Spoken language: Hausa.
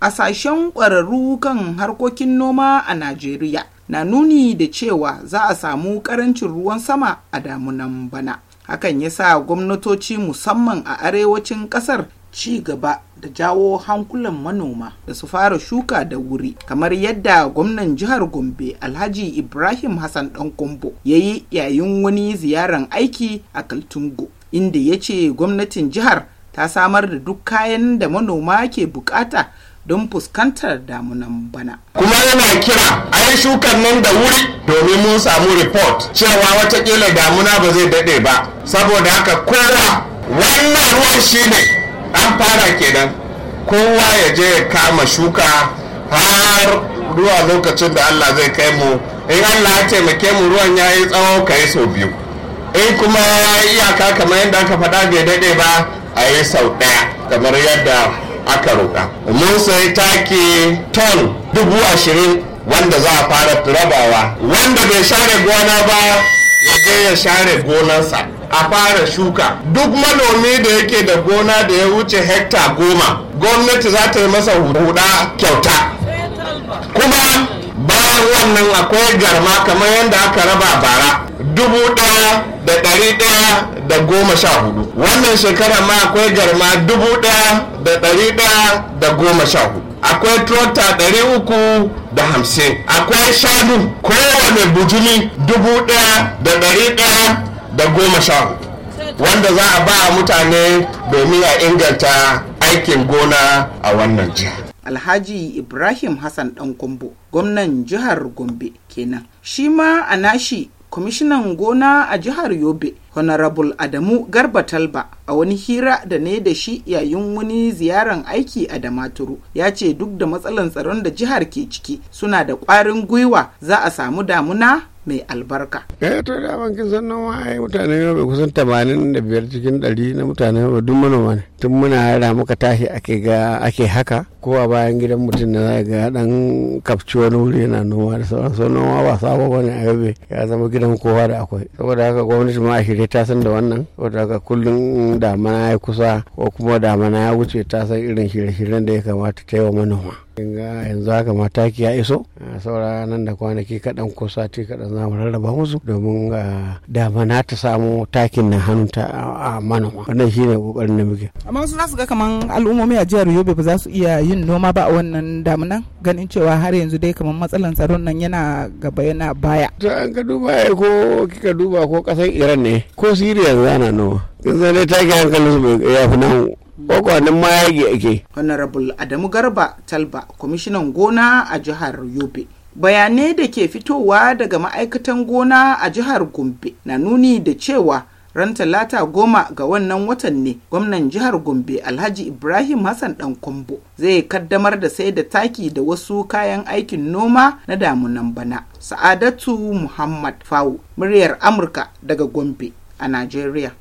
a sashen ƙwararru kan harkokin noma a Najeriya na nuni da cewa za a samu ƙarancin ruwan sama a damunan bana. Hakan ya sa gwamnatoci musamman a arewacin ƙasar ci gaba da jawo hankulan manoma da su fara shuka da wuri kamar yadda gwamnan jihar gombe alhaji ibrahim hassan dan kombo ya yi yayin wani ziyaran aiki a kaltungo inda ya ce gwamnatin jihar ta samar da duk kayan da manoma ke bukata don fuskantar damunan bana. Kuma yana kira a yi shukar nan da wuri domin mun samu report cewa watakila damuna ba zai daɗe ba. Saboda haka kowa wannan ruwan shi ne an fara kenan. Kowa ya je ya kama shuka har ruwa lokacin da Allah zai kai mu. In Allah ya taimake mu ruwan ya yi tsawo ka yi sau biyu. In kuma iyaka kamar yadda aka faɗa bai daɗe ba a yi sau ɗaya kamar yadda aka roƙa mun sai take ton dubu ashirin wanda za a fara rabawa wanda bai share gona ba ya je ya share gonarsa a fara shuka duk manomi da yake da gona da ya wuce hekta goma gwamnati za ta yi masa huda kyauta kuma bayan wannan akwai garma kamar yadda aka raba bara dubu ɗaya da ɗari ɗaya da goma sha hudu wannan shekara ma akwai garma dubu ɗaya da ɗari ɗaya da goma sha hudu akwai trota ɗari uku da hamsin akwai shanu kowane bujumi dubu ɗaya da ɗari ɗaya da goma sha hudu wanda za a ba mutane domin a inganta aikin gona a wannan jiha alhaji ibrahim hassan dan gombe gwamnan jihar gombe kenan shi ma a nashi kwamishinan gona a jihar yobe honorable adamu garba talba a wani hira da ne da shi yayin wani ziyaran aiki a damaturu ya ce duk da matsalan tsaron da jihar ke ciki suna da kwarin gwiwa za a samu damuna mai albarka. Eh, ya ta da bankin sannan a yi mutane da kusan 85 cikin 100 na mutane duk manoma ne. tun muna yara muka tashi ake ga haka ko a bayan gidan mutum na za ga dan kafci wani wuri yana noma da sauran noma ba sabo bane a yau ya zama gidan kowa da akwai saboda haka gwamnati ma a shirye ta san da wannan saboda haka kullum damana ya kusa ko kuma damana ya wuce ta san irin shirye-shiryen da ya kamata ta yi wa manoma yanzu haka mataki ya iso saura nan da kwanaki kaɗan ko sati kaɗan za mu rarraba musu domin ah, damana ta samu takin na hannunta a manoma wannan shine kokarin da muke amma wasu za su ga kamar al'ummomi a jihar yobe ba za su iya yin noma ba a wannan damunan ganin cewa har yanzu dai kamar matsalan tsaron nan yana gaba yana baya ta an ka duba ya ko kika duba ko kasar iran ne ko siriya zana noma yanzu dai ke hankalin su ya fi nan kwakwanin ma yage ake honorable adamu garba talba kwamishinan gona a jihar yobe bayanai da ke fitowa daga ma'aikatan gona a jihar gombe na nuni da cewa ran talata goma ga wannan watan ne gwamnan jihar gombe alhaji ibrahim hassan dan kwambo zai kaddamar da sai da taki da wasu kayan aikin noma na damunan bana sa'adatu muhammad fawo muryar amurka daga gombe a najeriya